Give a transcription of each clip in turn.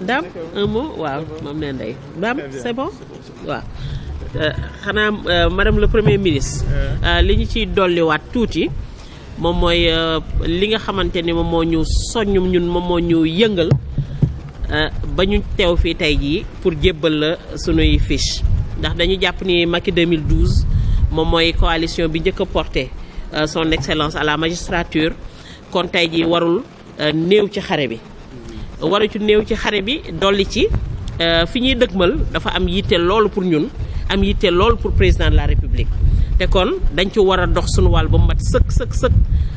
Dame un mot c'est bon euh, euh, madame le premier ministre euh. li le ciy dolliwaat tuuti vous li nga ñu de ñun ñu pour jébbal la sunuy fiche 2012 moom coalition bi a porté son excellence à la magistrature kon warul neu war a ci néew ci xare bi dolli ci euh, fi ñuy dëgmal dafa am yitte loolu pour ñun am yitte loolu pour président de la république te kon dañ ci war a dox suñu wàll ba mu mat sëkk sëkk sëkk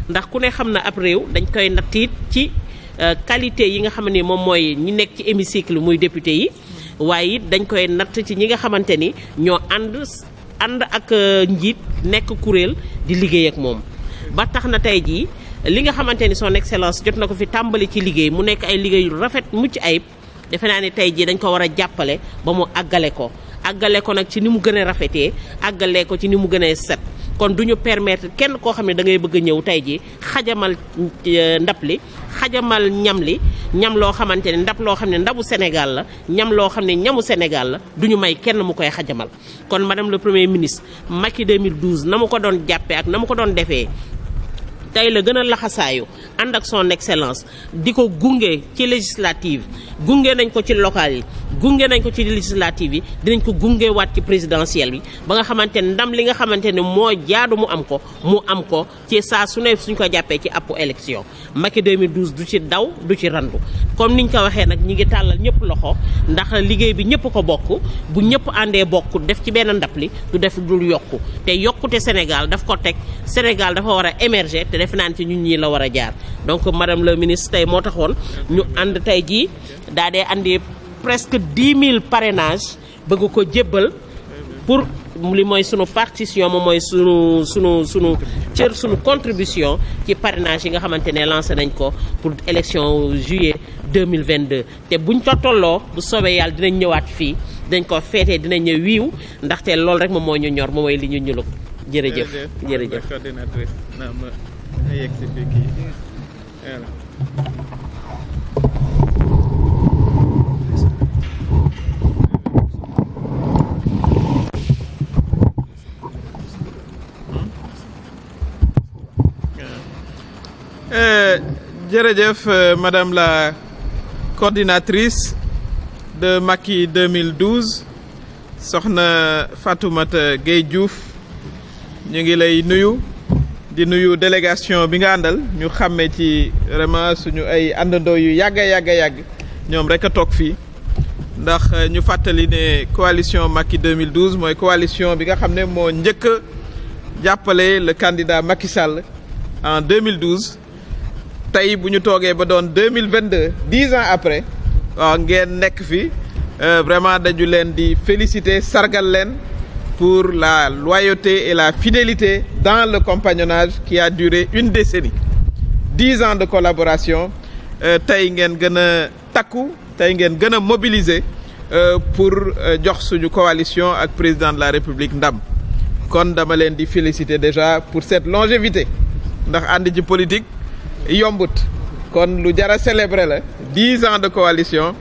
ndax ku ne xam na ab réew dañ koy natt ci euh, qualité yi nga xam ne moom mooy ñi nekk ci hémicycle muy député yi waaye it dañ koy natt ci ñi nga xamante ni ñoo ànd ànd ak euh, njiit nekk kuréel di liggéey ak moom ba tax na tey jii li nga xamante ni son excellence jot na ko fi tàmbali ci liggéey mu nekk ay liggéey yu rafet mucc ayib defe naa ne tey jii dañ ko war a jàppale ba mu àggale ko àggale ko nag ci ni mu gën a rafetee àggale ko ci ni mu gën a set kon du ñu permettre kenn koo xam ne da ngay bëgg a ñëw tey jii xajamal euh, ndab li xajamal ñam li ñam loo xamante ne ndab loo xam ne ndabu Sénégal la ñam loo xam ne ñamu Sénégal la du ñu may kenn mu koy xajamal kon madame le premier ministre Macky 2012 na mu ko doon jàppee ak na mu ko doon defee tey la gën a laxasaayu ànd ak son excellence di ko gunge ci législative gunge nañ ko ci local yi gunge nañ ko ci législative yi dinañ ko gunge waat ci présidentielle bi ba nga xamante ne ndam li nga xamante ne moo jaadu mu am ko mu am ko ci saa su ne suñ ko jàppee ci àppu élection Macky 2012 du ci daw du ci randu comme niñ ko waxee nag ñi ngi tàllal ñëpp loxo ndax liggéey bi ñëpp ko bokk bu ñëpp àndee bokk def ci benn ndab li du def dul yokku te yokkute Sénégal daf ko teg Sénégal dafa defe naan ci ñun ñii la war a jaar donc madame le ministre tey moo taxoon ñu ànd tey jii daa dee andi presque dix mille parrainage bëgg ko jébbal pour li mooy sunu partition moom mooy sunu sunu sunu cër sunu contribution ci parrainage yi nga xamante ne lancé nañ ko pour élection juillet 2022 te buñ ko tolloo bu soobee yàlla dinañ ñëwaat fii dañ ko feetee dinañ ñëw wiiw ndaxte loolu rek moom mooy ñu ñor moom mooy li ñu ñulug jërëjëf jërëjëf na yegg si fii madame la coordinatrice de Macky 2012 soxna Fatoumata Gueye Diouf ñu ngi lay nuyu di nuyu délégation bi nga àndal ñu xàmmee ci vraiment suñu ay àndandoo yu yàgg a yàgg a yàgg ñoom rek a toog fii ndax euh, ñu fàttali ne coalition Macky 2012 mooy coalition bi nga xam ne moo njëkk jàppale le candidat Macky Sall en 2012 tey bu ñu toogee ba doon 2022 dix ans après waaw ngeen nekk fi euh, vraiment dañu leen di féliciter sargal leen pour la loyauté et la fidélité dans le compagnonnage qui a duré une décennie. Dix ans de collaboration, euh, Taïngen été a mobilisé euh, pour euh, jox coalition coalition le président de la république ndam kon dama féliciter déjà pour cette longévité dans la politique yombut kon lu jara célébrer dix ans de coalition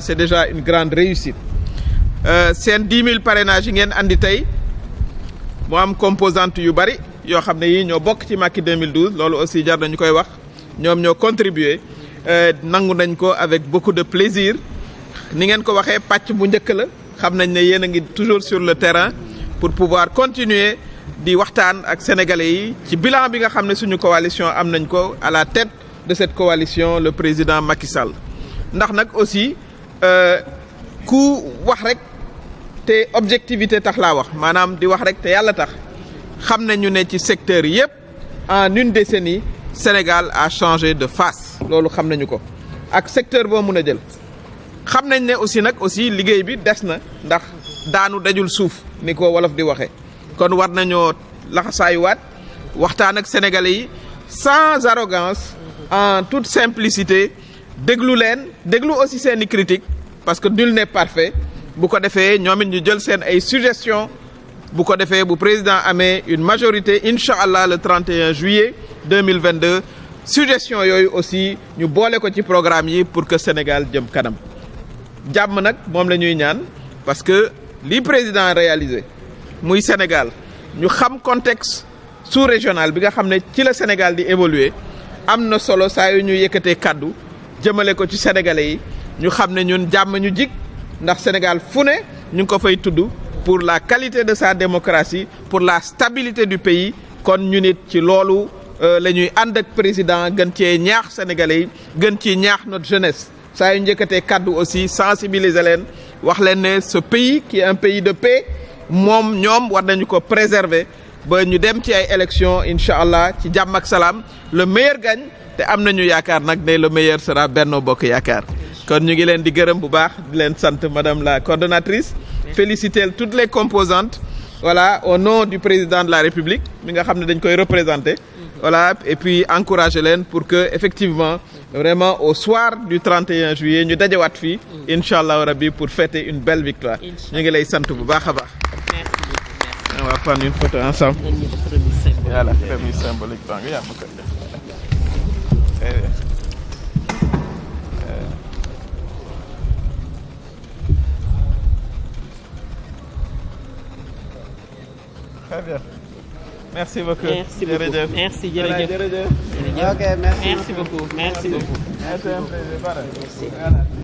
c'est déjà une grande réussite. Euh, seen 10 000 parrainage yi ngeen andi tay mu am composante yu bari yo xamné ne yii ñoo bokk ci Macky 2012 lolu aussi jar nañu koy wax ñom ñoo contribuer euh, nangu nañ ko avec beaucoup de plaisir ni ngeen ko waxé patch bu njëkk la xam nañ ne ngi toujours sur le terrain pour pouvoir continuer di waxtaan ak sénégalais yi ci bilan bi nga xamné suñu coalition am nañ ko à la tête de cette coalition le président Macky Sall ndax nak aussi euh, ku wax rek té objectivité tax la wax manam di wax rek té yalla tax secteur en une décennie Sénégal a changé de face lolu xamnañu ko ak secteur bo mëna jël xamnañ né aussi aussi bi na ndax daanu dajul di kon war sénégalais sans arrogance en toute simplicité déglu len aussi critique parce que nul n'est parfait Beaucoup de faits, nous it ñu jël suggestions Beaucoup de faits, bu président mis une majorité Inch'Allah, le 31 juillet 2022 suggestions aussi nous avons ko ci programme yi pour que Sénégal jëm kanam jàmm nag moom la ñuy ñaan parce que le président a réalisé muy Sénégal ñu xam contexte sous-régional bi nga xam ne ci la Sénégal di évoluer am na solo saa yu ñu yëkkatee des jëmale ko ci sénégalais yi ñu xam nous ñun jàmm ñu jig ndax Sénégal fune ñu ko fay tudd pour la qualité de sa démocratie pour la stabilité du pays kon ñu nit ci loolu euh, lañuy ñuy ak président gën cee ñaax sénégalais yi gën ci ñaax notre jeunesse saa yu njëkkatee kaddu aussi sensibiliser leen wax leen ne ce pays qui est un pays de paix moom ñoom war nañu ko préserver ba ñu dem ci ay élections incha allah ci jàmm ak salaam le meilleur gagne te am nañu yaakaar nag ne le meilleur sera Benno Bokk Yaakaar madame la coordonnatrice féliciter toutes les composantes voilà au nom du président de la république mi mhm. et puis encouragez pour que effectivement vraiment au soir du 31 juillet mhm. nous pour fêter une belle victoire on va prendre une photo ensemble Très bien. Merci beaucoup. Merci beaucoup. Merci, Merci, beaucoup. Merci beaucoup. Merci.